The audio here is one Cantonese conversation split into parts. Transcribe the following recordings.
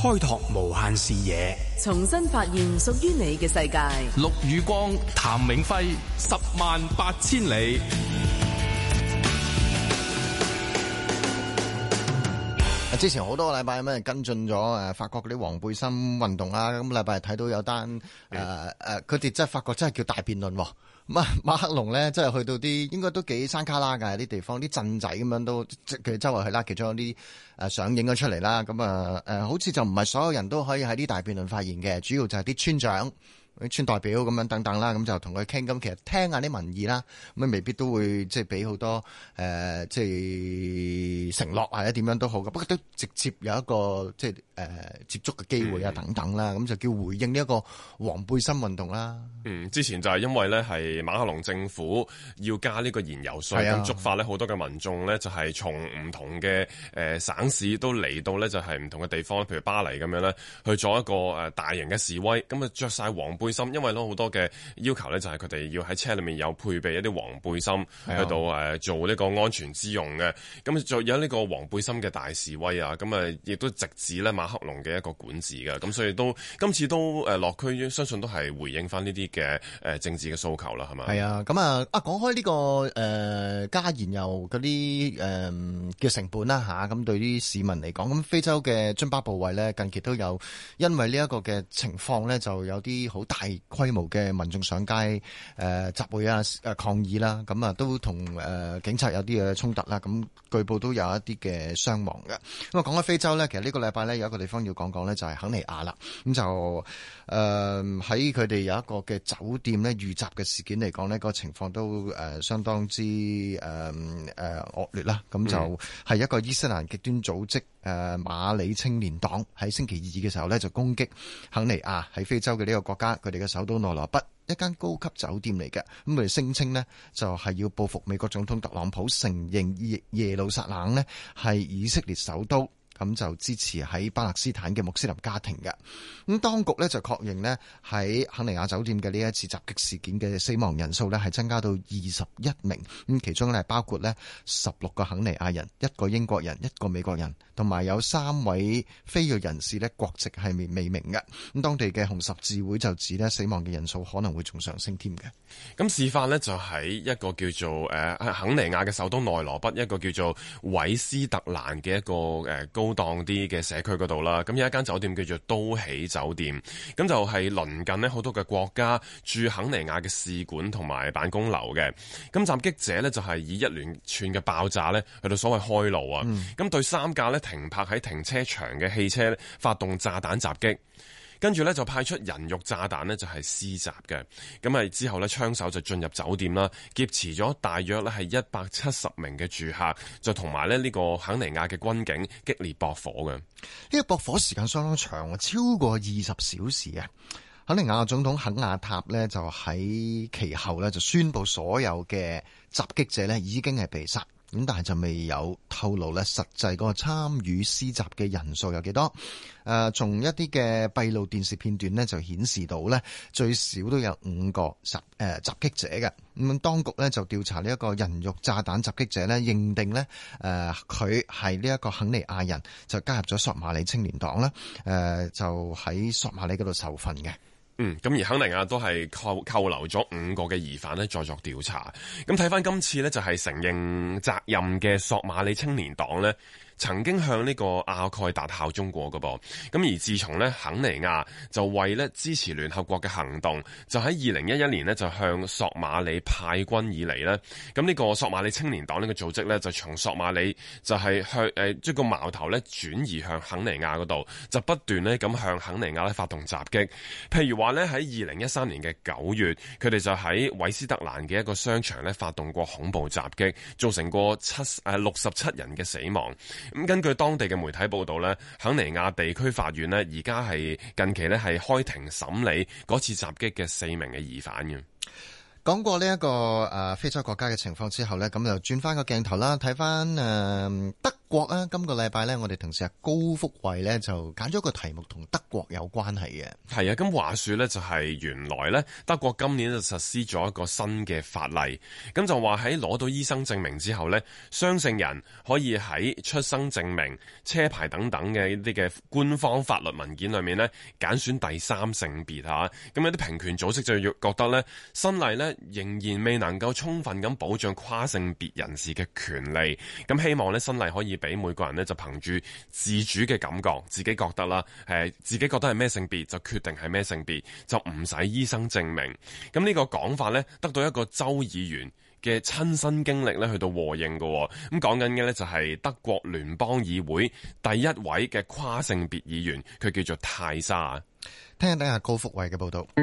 開拓無限視野，重新發現屬於你嘅世界。陸宇光、譚永輝，十萬八千里。啊，之前好多個禮拜咁跟進咗誒，法國嗰啲黃背心運動啊，咁禮拜睇到有單誒誒，佢哋真係法國真係叫大辯論。啊，馬克龍咧，即係去到啲應該都幾山卡拉㗎啲地方，啲鎮仔咁樣都即佢周圍去啦。其中啲誒相影咗出嚟啦。咁啊、呃、好似就唔係所有人都可以喺啲大辯論發言嘅，主要就係啲村長、村代表咁樣等等啦。咁就同佢傾咁，其實聽下啲民意啦。咁啊，未必都會即係俾好多誒，即係、呃、承諾或者點樣都好嘅。不過都直接有一個即係。誒接觸嘅機會啊，等等啦，咁、嗯、就叫回應呢一個黃背心運動啦。嗯，之前就係因為咧，係馬克龍政府要加呢個燃油稅，咁觸、啊、發咧好多嘅民眾呢，就係從唔同嘅、呃、省市都嚟到呢，就係、是、唔同嘅地方，譬如巴黎咁樣呢，去做一個、呃、大型嘅示威，咁啊着晒黃背心，因為呢好多嘅要求呢，就係佢哋要喺車裏面有配備一啲黃背心、啊、去到、呃、做呢個安全之用嘅。咁就有呢個黃背心嘅大示威啊，咁啊亦都直至呢。黑龍嘅一個管治嘅，咁所以都今次都誒落、呃、區，相信都係回應翻呢啲嘅誒政治嘅訴求啦，係咪？係啊，咁、嗯、啊啊講開呢、這個誒加燃油嗰啲誒嘅成本啦吓，咁、啊嗯、對於市民嚟講，咁非洲嘅津巴布韋呢，近期都有因為呢一個嘅情況呢，就有啲好大規模嘅民眾上街誒、呃、集會啊、呃、抗議啦，咁啊都同誒、呃、警察有啲嘅衝突啦，咁、啊、據報都有一啲嘅傷亡嘅。咁啊講開非洲呢，其實呢個禮拜呢，有一個。地方要講講咧，就係肯尼亞啦。咁就誒喺佢哋有一個嘅酒店咧遇襲嘅事件嚟講呢、呢個情況都誒、呃、相當之誒誒、呃呃、惡劣啦。咁就係一個伊斯蘭極端組織誒、呃、馬里青年黨喺星期二嘅時候呢，就攻擊肯尼亞喺非洲嘅呢個國家，佢哋嘅首都內羅畢一間高級酒店嚟嘅。咁佢哋聲稱呢，就係、是、要報復美國總統特朗普承認耶，耶路撒冷呢係以色列首都。咁就支持喺巴勒斯坦嘅穆斯林家庭嘅。咁當局咧就確認咧喺肯尼亞酒店嘅呢一次襲擊事件嘅死亡人數咧係增加到二十一名。咁其中咧包括咧十六個肯尼亞人、一個英國人、一個美國人，同埋有三位非裔人士咧國籍係未未明嘅。咁當地嘅紅十字會就指咧死亡嘅人數可能會仲上升添嘅。咁事發咧就喺一個叫做誒、呃、肯尼亞嘅首都內羅畢，一個叫做韋斯特蘭嘅一個誒高。高檔啲嘅社區嗰度啦，咁有一間酒店叫做都喜酒店，咁就係鄰近咧好多嘅國家駐肯尼亞嘅使館同埋辦公樓嘅，咁襲擊者呢就係以一連串嘅爆炸呢去到所謂開路啊，咁對三架咧停泊喺停車場嘅汽車發動炸彈襲擊。跟住咧就派出人肉炸彈呢，就係施襲嘅咁啊。之後呢，槍手就進入酒店啦，劫持咗大約呢，係一百七十名嘅住客，就同埋呢，呢個肯尼亞嘅軍警激烈駁火嘅呢個駁火時間相當長啊，超過二十小時啊。肯尼亞總統肯亞塔呢，就喺其後呢，就宣布所有嘅襲擊者呢，已經係被殺。咁但係就未有透露咧，實際個參與施襲嘅人數有幾多？誒，從一啲嘅閉路電視片段呢，就顯示到呢，最少都有五個襲誒襲擊者嘅。咁當局呢，就調查呢一個人肉炸彈襲擊者咧，認定呢，誒佢係呢一個肯尼亞人，就加入咗索馬里青年黨啦。誒，就喺索馬里嗰度受訓嘅。嗯，咁而肯尼亞都係扣扣留咗五個嘅疑犯呢，再作調查。咁睇返今次呢，就係承認責任嘅索馬里青年黨呢，曾經向呢個阿蓋達效忠過噶噃，咁而自從咧肯尼亞就為咧支持聯合國嘅行動，就喺二零一一年咧就向索馬里派軍以嚟呢，咁呢個索馬里青年黨呢個組織呢，就從索馬里就係向誒將個矛頭咧轉移向肯尼亞嗰度，就不斷咧咁向肯尼亞咧發動襲擊。譬如話呢，喺二零一三年嘅九月，佢哋就喺韋斯特蘭嘅一個商場咧發動過恐怖襲擊，造成過七誒六十七人嘅死亡。咁根據當地嘅媒體報道呢，肯尼亞地區法院呢，而家係近期呢係開庭審理嗰次襲擊嘅四名嘅疑犯嘅。講過呢一個非洲國家嘅情況之後呢，咁就轉翻個鏡頭啦，睇翻誒德國啊，今個禮拜咧，我哋同事阿高福慧咧就揀咗個題目同德國有關係嘅。係啊，咁話說咧就係原來咧，德國今年就實施咗一個新嘅法例，咁就話喺攞到醫生證明之後咧，雙性人可以喺出生證明、車牌等等嘅呢啲嘅官方法律文件裏面咧揀選第三性別吓。咁有啲平權組織就要覺得咧新例咧仍然未能夠充分咁保障跨性別人士嘅權利。咁希望咧新例可以。俾每個人咧就憑住自主嘅感覺，自己覺得啦，誒，自己覺得係咩性別就決定係咩性別，就唔使醫生證明。咁呢個講法呢，得到一個州議員嘅親身經歷咧去到和應嘅。咁講緊嘅呢，就係德國聯邦議會第一位嘅跨性別議員，佢叫做泰莎。聽下睇下高福慧嘅報道 。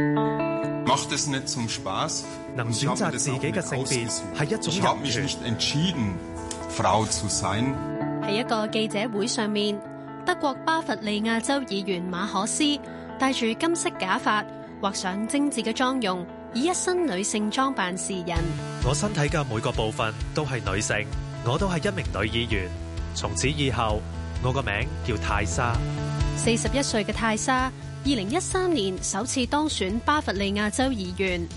能選擇自己嘅性別係一種 喺一個記者會上面，德國巴伐利亞州議員馬可斯戴住金色假髮，畫上精緻嘅妝容，以一身女性裝扮示人。我身體嘅每個部分都係女性，我都係一名女議員。從此以後，我個名叫泰莎。四十一歲嘅泰莎，二零一三年首次當選巴伐利亞州議員，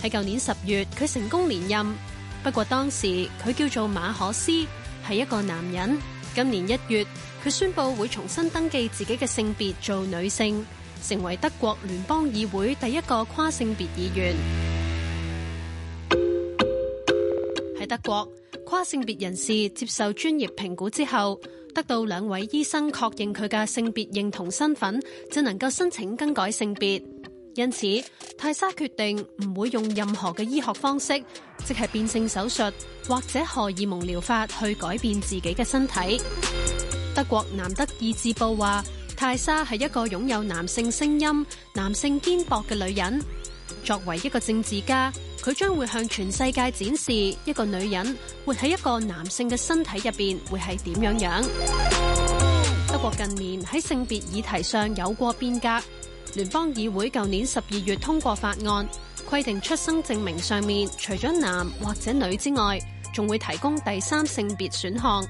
喺舊年十月佢成功連任。不過當時佢叫做馬可斯，係一個男人。今年一月，佢宣佈會重新登記自己嘅性別做女性，成為德國聯邦議會第一個跨性別議員。喺德國，跨性別人士接受專業評估之後，得到兩位醫生確認佢嘅性別認同身份，就能夠申請更改性別。因此，泰莎決定唔會用任何嘅醫學方式，即係變性手術或者荷爾蒙療法去改變自己嘅身體。德國《南德意志報》話，泰莎係一個擁有男性聲音、男性肩膊嘅女人。作為一個政治家，佢將會向全世界展示一個女人活喺一個男性嘅身體入邊會係點樣樣。德國近年喺性別議題上有過變革。聯邦議會舊年十二月通過法案，規定出生證明上面除咗男或者女之外，仲會提供第三性別選項，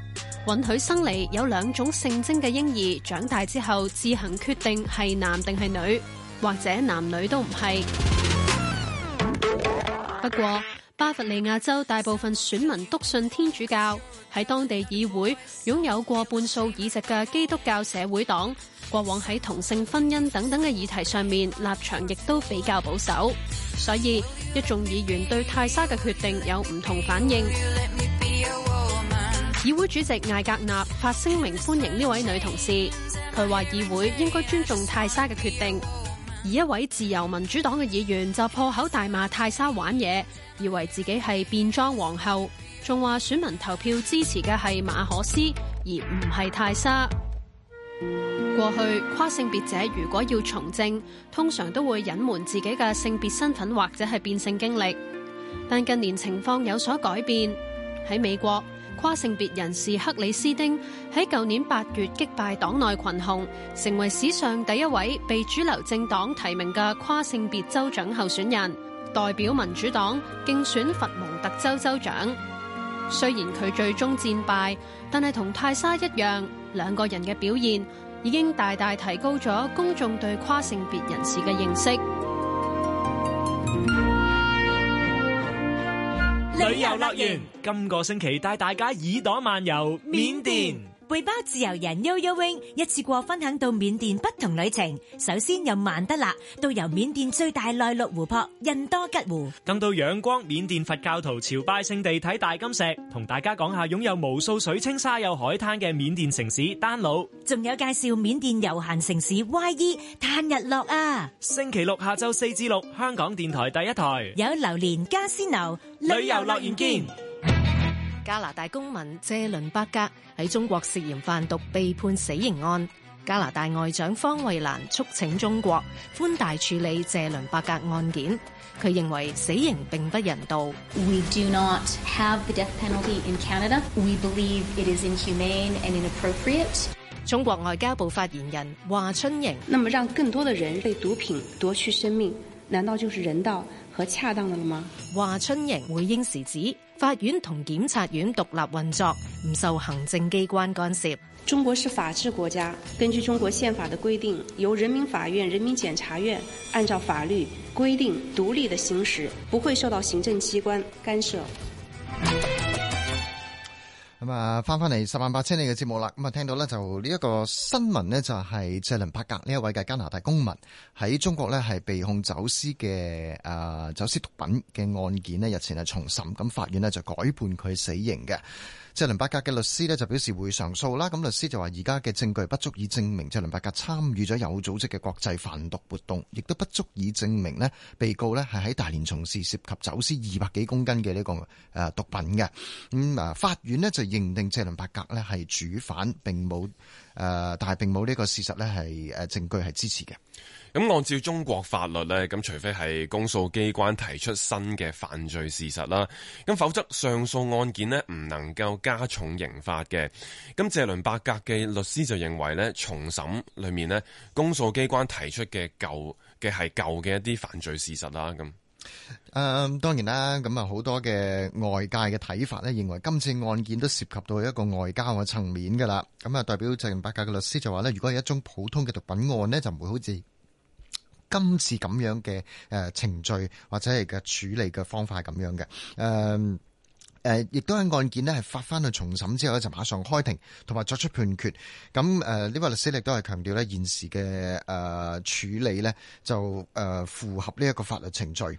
允許生嚟有兩種性徵嘅嬰兒長大之後自行決定係男定係女，或者男女都唔係。不過巴伐利亞州大部分選民篤信天主教，喺當地議會擁有過半數議席嘅基督教社會黨，過往喺同性婚姻等等嘅議題上面立場亦都比較保守，所以一眾議員對泰莎嘅決定有唔同反應。議會主席艾格納發聲明歡迎呢位女同事，佢話議會應該尊重泰莎嘅決定。而一位自由民主黨嘅議員就破口大罵泰莎玩嘢，以為自己係變裝皇后，仲話選民投票支持嘅係馬可思，而唔係泰莎。過去跨性別者如果要從政，通常都會隱瞞自己嘅性別身份或者係變性經歷。但近年情況有所改變。喺美國，跨性別人士克里斯丁喺舊年八月擊敗黨內群雄，成為史上第一位被主流政黨提名嘅跨性別州長候選人，代表民主黨競選佛蒙特州州長。雖然佢最終戰敗，但係同泰莎一樣，兩個人嘅表現已經大大提高咗公眾對跨性別人士嘅認識。旅遊樂園今個星期帶大家耳朵漫遊緬甸。背包自由人悠悠泳，一次過分享到緬甸不同旅程。首先由曼德勒到由緬甸最大內陸湖泊茵多吉湖，咁到仰光緬甸佛教徒朝拜聖地睇大金石，同大家講下擁有無數水清沙幼海灘嘅緬甸城市丹老，仲有介紹緬甸悠閒城市歪衣嘆日落啊！星期六下晝四至六，香港電台第一台有榴蓮加鮮牛旅遊樂園見。加拿大公民謝倫伯格喺中國涉嫌販毒被判死刑案，加拿大外長方慧蘭促請中國寬大處理謝倫伯格案件。佢認為死刑並不人道。We do not have the death penalty in Canada. We believe it is inhumane and inappropriate. 中國外交部發言人華春瑩：那麼讓更多的人被毒品奪去生命。難道就是人道和恰當的了嗎？華春瑩回應時指，法院同檢察院獨立運作，不受行政機關干涉。中國是法治國家，根據中國憲法的規定，由人民法院、人民檢察院按照法律規定獨立的行使，不會受到行政機關干涉。咁啊，翻翻嚟十萬八千里嘅節目啦。咁啊，聽到咧就呢一個新聞呢，就係謝倫伯格呢一位嘅加拿大公民喺中國咧係被控走私嘅啊走私毒品嘅案件呢日前係重審，咁法院呢就改判佢死刑嘅。謝倫伯格嘅律師咧就表示會上訴啦，咁律師就話而家嘅證據不足以證明謝倫伯格參與咗有組織嘅國際販毒活動，亦都不足以證明咧被告咧係喺大連從事涉及走私二百幾公斤嘅呢個誒毒品嘅。咁、嗯、啊，法院咧就認定謝倫伯格咧係主犯，並冇誒，但係並冇呢個事實咧係誒證據係支持嘅。咁按照中國法律呢，咁除非係公訴機關提出新嘅犯罪事實啦，咁否則上訴案件呢，唔能夠加重刑罰嘅。咁謝倫伯格嘅律師就認為呢，重審裏面呢，公訴機關提出嘅舊嘅係舊嘅一啲犯罪事實啦。咁、嗯、誒，當然啦，咁啊好多嘅外界嘅睇法呢，認為今次案件都涉及到一個外交嘅層面噶啦。咁啊，代表謝倫伯格嘅律師就話呢，如果係一宗普通嘅毒品案呢，就唔會好似。今次咁樣嘅誒程序或者係嘅處理嘅方法係咁樣嘅，誒、呃呃、亦都喺案件呢係發翻去重審之後咧，就馬上開庭，同埋作出判決。咁誒呢個律師亦都係強調咧，現時嘅誒、呃、處理咧，就誒、呃、符合呢一個法律程序。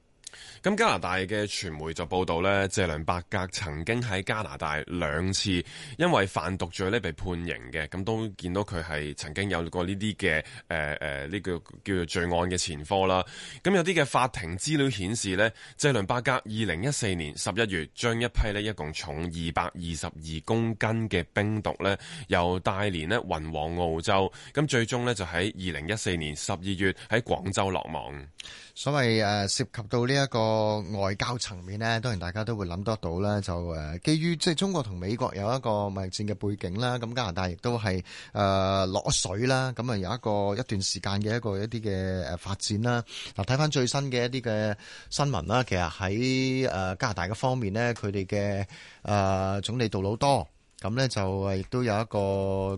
咁加拿大嘅傳媒就報道呢，謝倫伯格曾經喺加拿大兩次因為販毒罪呢被判刑嘅，咁都見到佢係曾經有過呢啲嘅誒誒呢個叫做罪案嘅前科啦。咁有啲嘅法庭資料顯示呢，謝倫伯格二零一四年十一月將一批呢一共重二百二十二公斤嘅冰毒呢，由大連呢運往澳洲，咁最終呢，就喺二零一四年十二月喺廣州落網。所謂誒涉及到呢，這個一個外交層面咧，當然大家都會諗得到啦。就誒，基於即係中國同美國有一個貿易戰嘅背景啦，咁加拿大亦都係誒落水啦。咁啊有一個一段時間嘅一個一啲嘅誒發展啦。嗱，睇翻最新嘅一啲嘅新聞啦，其實喺誒加拿大嘅方面咧，佢哋嘅誒總理杜魯多。咁咧就亦都有一個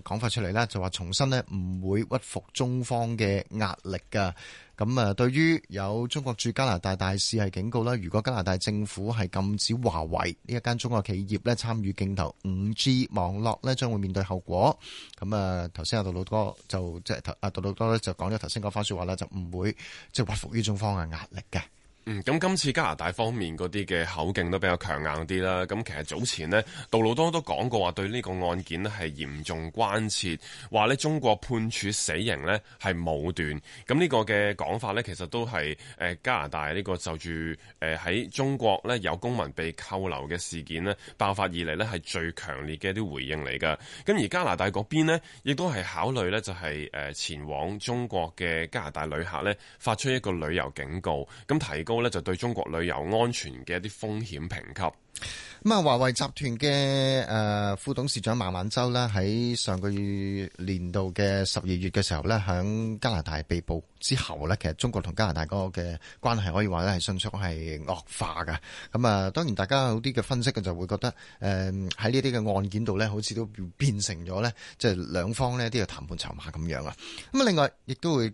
講法出嚟啦，就話重申咧唔會屈服中方嘅壓力噶。咁啊，對於有中國駐加拿大大使係警告啦，如果加拿大政府係禁止華為呢一間中國企業咧參與競投 5G 網絡咧，將會面對後果。咁啊，頭先阿杜魯多就即係頭阿杜魯多咧就講咗頭先嗰番説話啦，就唔會即係屈服於中方嘅壓力嘅。嗯，咁今次加拿大方面嗰啲嘅口徑都比較強硬啲啦。咁其實早前咧，杜魯多都講過話對呢個案件咧係嚴重關切，話咧中國判處死刑咧係武斷。咁呢個嘅講法咧，其實都係誒、呃、加拿大呢個就住誒喺中國咧有公民被扣留嘅事件咧爆發以嚟咧係最強烈嘅一啲回應嚟噶。咁而加拿大嗰邊咧，亦都係考慮咧就係、是、誒、呃、前往中國嘅加拿大旅客咧發出一個旅遊警告，咁提。高咧就對中國旅遊安全嘅一啲風險評級。咁啊，華為集團嘅誒副董事長孟晚舟咧喺上個月年度嘅十二月嘅時候咧，喺加拿大被捕之後咧，其實中國同加拿大嗰個嘅關係可以話咧係迅速係惡化㗎。咁啊，當然大家有啲嘅分析嘅就會覺得誒喺呢啲嘅案件度咧，好似都變成咗咧，即係兩方呢啲嘅談判籌碼咁樣啊。咁啊，另外亦都會。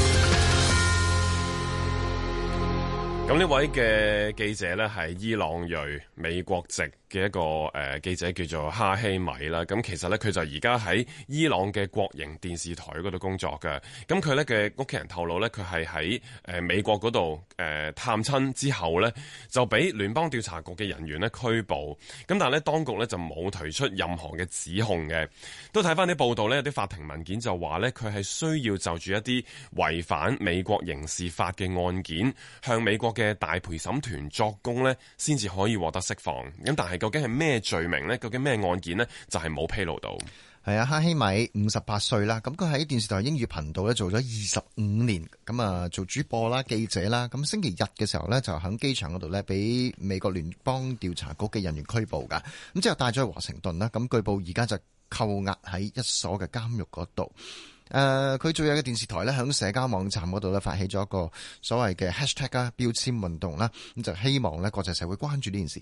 咁呢位嘅記者咧，係伊朗裔美國籍，嘅一個記者叫做哈希米啦，咁其實呢，佢就而家喺伊朗嘅國營電視台嗰度工作嘅，咁佢呢嘅屋企人透露呢佢係喺美國嗰度探親之後呢，就俾聯邦調查局嘅人員呢拘捕，咁但係呢，當局呢就冇提出任何嘅指控嘅，都睇返啲報道呢有啲法庭文件就話呢，佢係需要就住一啲違反美國刑事法嘅案件向美國嘅大陪審團作供呢先至可以獲得釋放，咁但係。究竟係咩罪名呢？究竟咩案件呢？就係冇披露到。係啊，哈希米五十八歲啦。咁佢喺電視台英語頻道咧做咗二十五年，咁啊做主播啦、記者啦。咁星期日嘅時候咧，就喺機場嗰度咧，俾美國聯邦調查局嘅人員拘捕噶。咁之後帶咗去華盛頓啦。咁據報而家就扣押喺一所嘅監獄嗰度。誒，佢最有嘅電視台咧，喺社交網站嗰度咧發起咗一個所謂嘅 hashtag 啊標籤運動啦，咁就希望咧國際社會關注呢件事。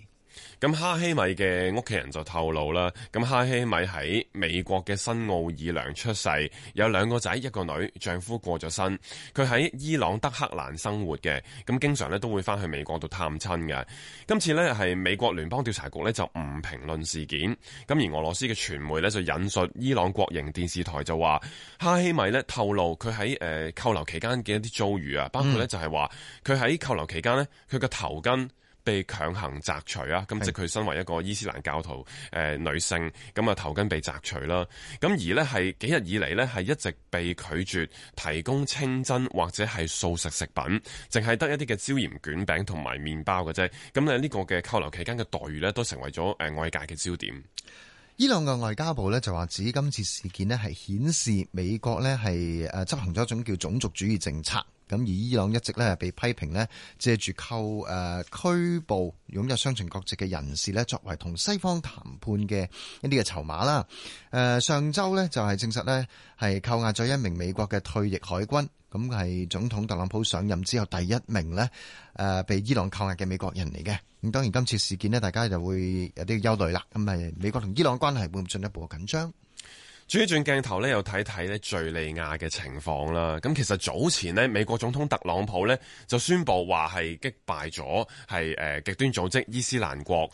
咁哈希米嘅屋企人就透露啦，咁哈希米喺美國嘅新奧爾良出世，有兩個仔一個女，丈夫過咗身，佢喺伊朗德黑蘭生活嘅，咁經常咧都會翻去美國度探親嘅。今次呢係美國聯邦調查局呢就唔評論事件，咁而俄羅斯嘅傳媒呢就引述伊朗國營電視台就話，哈希米呢透露佢喺誒扣留期間嘅一啲遭遇啊，包括呢就係話佢喺扣留期間呢，佢個頭巾。被強行摘除啊！咁即佢身為一個伊斯蘭教徒誒女性，咁啊頭巾被摘除啦。咁而呢係幾日以嚟呢，係一直被拒絕提供清真或者係素食食品，淨係得一啲嘅椒鹽卷餅同埋麵包嘅啫。咁呢呢個嘅扣留期間嘅待遇呢，都成為咗誒外界嘅焦點。伊朗嘅外交部呢，就話，指今次事件呢，係顯示美國呢，係誒執行咗一種叫種族主義政策。咁而伊朗一直咧被批評咧借住扣誒拘，拘捕擁有雙重國籍嘅人士呢，作為同西方談判嘅一啲嘅籌碼啦。誒上週呢就係正實呢係扣押咗一名美國嘅退役海軍，咁係總統特朗普上任之後第一名呢誒被伊朗扣押嘅美國人嚟嘅。咁當然今次事件呢，大家就會有啲憂慮啦。咁咪美國同伊朗關係會唔會進一步緊張。轉一轉鏡頭咧又睇睇咧敘利亞嘅情況啦。咁其實早前咧美國總統特朗普咧就宣佈話係擊敗咗係誒極端組織伊斯蘭國。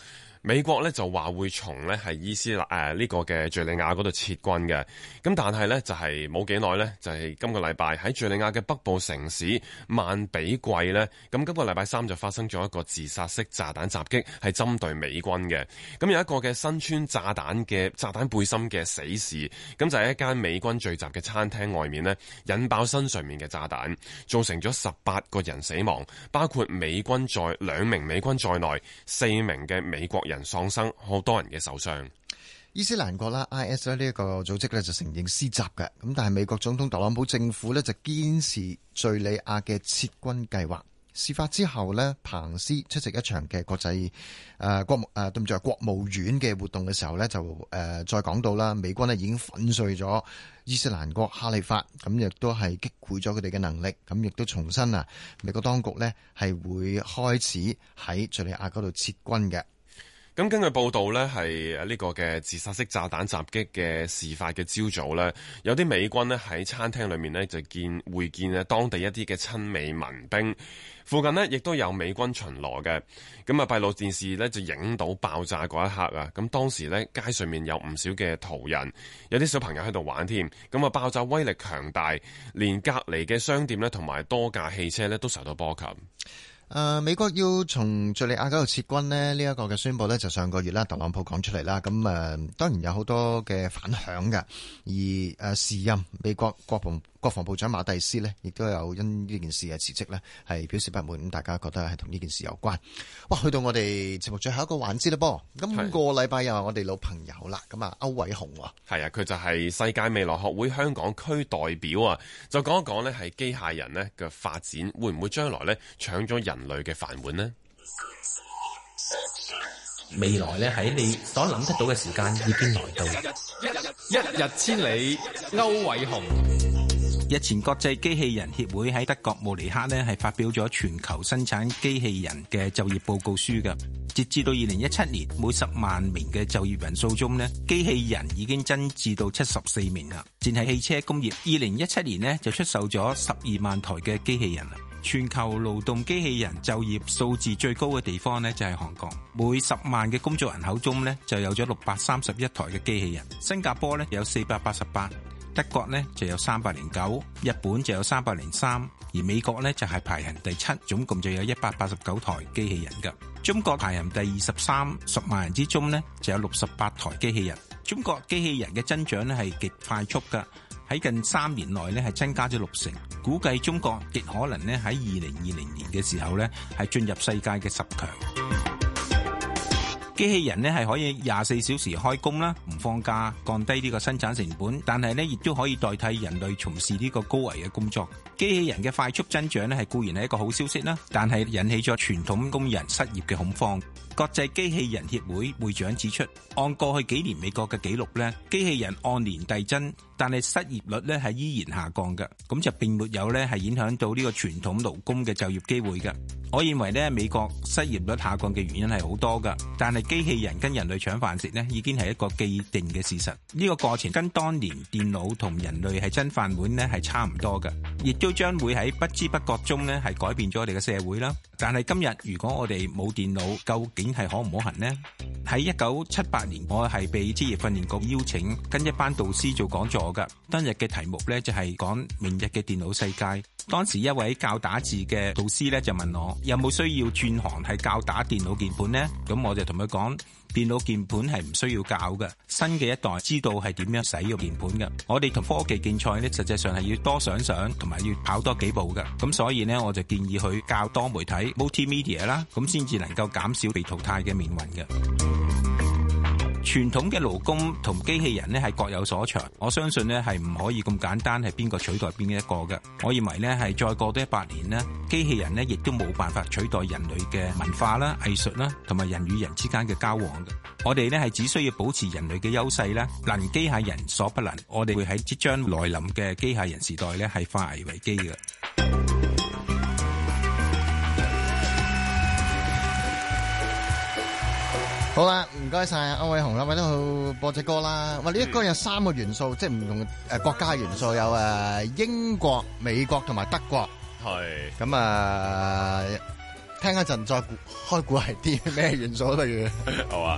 美國呢就話會從呢係伊斯蘭誒呢個嘅敍利亞嗰度、啊這個、撤軍嘅，咁但係呢，就係冇幾耐呢，就係、是、今個禮拜喺敍利亞嘅北部城市曼比季呢。咁今個禮拜三就發生咗一個自殺式炸彈襲擊，係針對美軍嘅。咁有一個嘅身穿炸彈嘅炸彈背心嘅死士，咁就喺一間美軍聚集嘅餐廳外面呢，引爆身上面嘅炸彈，造成咗十八個人死亡，包括美軍在兩名美軍在內，四名嘅美國人。喪生好多人嘅受傷，伊斯蘭國啦，IS 呢一個組織咧就承認施襲嘅，咁但係美國總統特朗普政府呢，就堅持敘利亞嘅撤軍計劃。事發之後呢，彭斯出席一場嘅國際誒國誒、啊、對唔住國務院嘅活動嘅時候呢，就誒、啊、再講到啦，美軍咧已經粉碎咗伊斯蘭國哈利法，咁亦都係擊潰咗佢哋嘅能力，咁亦都重申啊，美國當局呢，係會開始喺敘利亞嗰度撤軍嘅。咁根據報道呢，係呢個嘅自殺式炸彈襲擊嘅事發嘅朝早呢，有啲美軍呢喺餐廳裏面呢就見會見啊當地一啲嘅親美民兵，附近呢亦都有美軍巡邏嘅。咁啊，閉路電視呢，就影到爆炸嗰一刻啊。咁當時呢，街上面有唔少嘅途人，有啲小朋友喺度玩添。咁啊，爆炸威力強大，連隔離嘅商店呢同埋多架汽車呢都受到波及。啊、呃！美國要從敘利亞嗰度撤軍呢，這個、呢一個嘅宣佈咧就上個月啦，特朗普講出嚟啦。咁啊、呃，當然有好多嘅反響㗎。而啊，時、呃、任美國國防國防部長馬蒂斯呢，亦都有因呢件事嘅辭職呢，係表示不滿。咁大家覺得係同呢件事有關。哇，去到我哋節目最後一個環節啦噃，今個禮拜又係我哋老朋友啦。咁啊，區煒洪啊，係啊，佢就係世界未來學會香港區代表啊。就講一講呢，係機械人呢嘅發展會唔會將來呢搶咗人類嘅飯碗呢？未來呢，喺你所諗得到嘅時間已經來到，一日千里，區煒洪。日前國際機器人協會喺德國慕尼黑咧，係發表咗全球生產機器人嘅就業報告書噶。截至到二零一七年，每十萬名嘅就業人數中咧，機器人已經增至到七十四名啦。淨係汽車工業，二零一七年咧就出售咗十二萬台嘅機器人啦。全球勞動機器人就業數字最高嘅地方咧就係韓國，每十萬嘅工作人口中咧就有咗六百三十一台嘅機器人。新加坡咧有四百八十八，德國咧就有三百零九，日本就有三百零三，而美國咧就係排行第七，總共就有一百八十九台機器人噶。中國排行第二十三，十萬人之中咧就有六十八台機器人。中國機器人嘅增長咧係極快速噶喺近三年內咧係增加咗六成。估計中國極可能咧喺二零二零年嘅時候咧係進入世界嘅十強。機器人呢係可以廿四小時開工啦，唔放假，降低呢個生產成本。但係呢亦都可以代替人類從事呢個高危嘅工作。機器人嘅快速增長呢係固然係一個好消息啦，但係引起咗傳統工人失業嘅恐慌。國際機器人協會會長指出，按過去幾年美國嘅記錄呢，機器人按年遞增。但係失業率咧係依然下降嘅，咁就並沒有咧係影響到呢個傳統勞工嘅就業機會嘅。我認為咧美國失業率下降嘅原因係好多噶，但係機器人跟人類搶飯食咧已經係一個既定嘅事實。呢個過程跟當年電腦同人類係爭飯碗咧係差唔多嘅，亦都將會喺不知不覺中咧係改變咗我哋嘅社會啦。但係今日如果我哋冇電腦，究竟係可唔可行呢？喺一九七八年，我係被職業訓練局邀請跟一班導師做講座。我噶，當日嘅題目呢，就係講明日嘅電腦世界。當時一位教打字嘅導師呢，就問我，有冇需要轉行係教打電腦鍵盤呢？咁我就同佢講，電腦鍵盤係唔需要教嘅，新嘅一代知道係點樣使用鍵盤嘅。我哋同科技競賽呢，實際上係要多想想，同埋要跑多幾步嘅。咁所以呢，我就建議佢教多媒體 （multimedia） 啦，咁先至能夠減少被淘汰嘅命運嘅。傳統嘅勞工同機器人呢係各有所長，我相信呢係唔可以咁簡單係邊個取代邊一個嘅。我認為呢係再過多一百年呢，機器人呢亦都冇辦法取代人類嘅文化啦、藝術啦，同埋人與人之間嘅交往嘅。我哋呢係只需要保持人類嘅優勢啦，能機械人所不能。我哋會喺即將來臨嘅機械人時代呢係化危為機嘅。好啦，唔該曬啊，區煒洪啦，喂你好，播隻歌啦。哇，呢歌有三個元素，即係唔同誒國家元素，有誒英國、美國同埋德國。係。咁啊，聽一陣再開估係啲咩元素不如？好啊。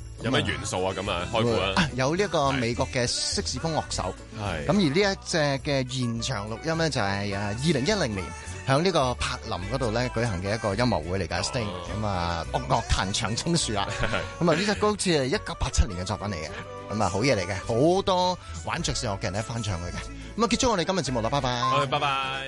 嗯、有咩元素啊？咁啊，開估啊！有呢一個美國嘅色士風樂手，係，咁而呢一隻嘅現場錄音咧，就係啊二零一零年喺呢個柏林嗰度咧舉行嘅一個音樂會嚟㗎。Sting 咁啊、嗯，樂樂壇長青樹 啊，咁啊呢隻歌好似係一九八七年嘅作品嚟嘅，咁啊好嘢嚟嘅，好多玩爵士樂嘅人咧翻唱佢嘅。咁、嗯、啊結束我哋今日節目啦，拜拜，拜、okay，拜。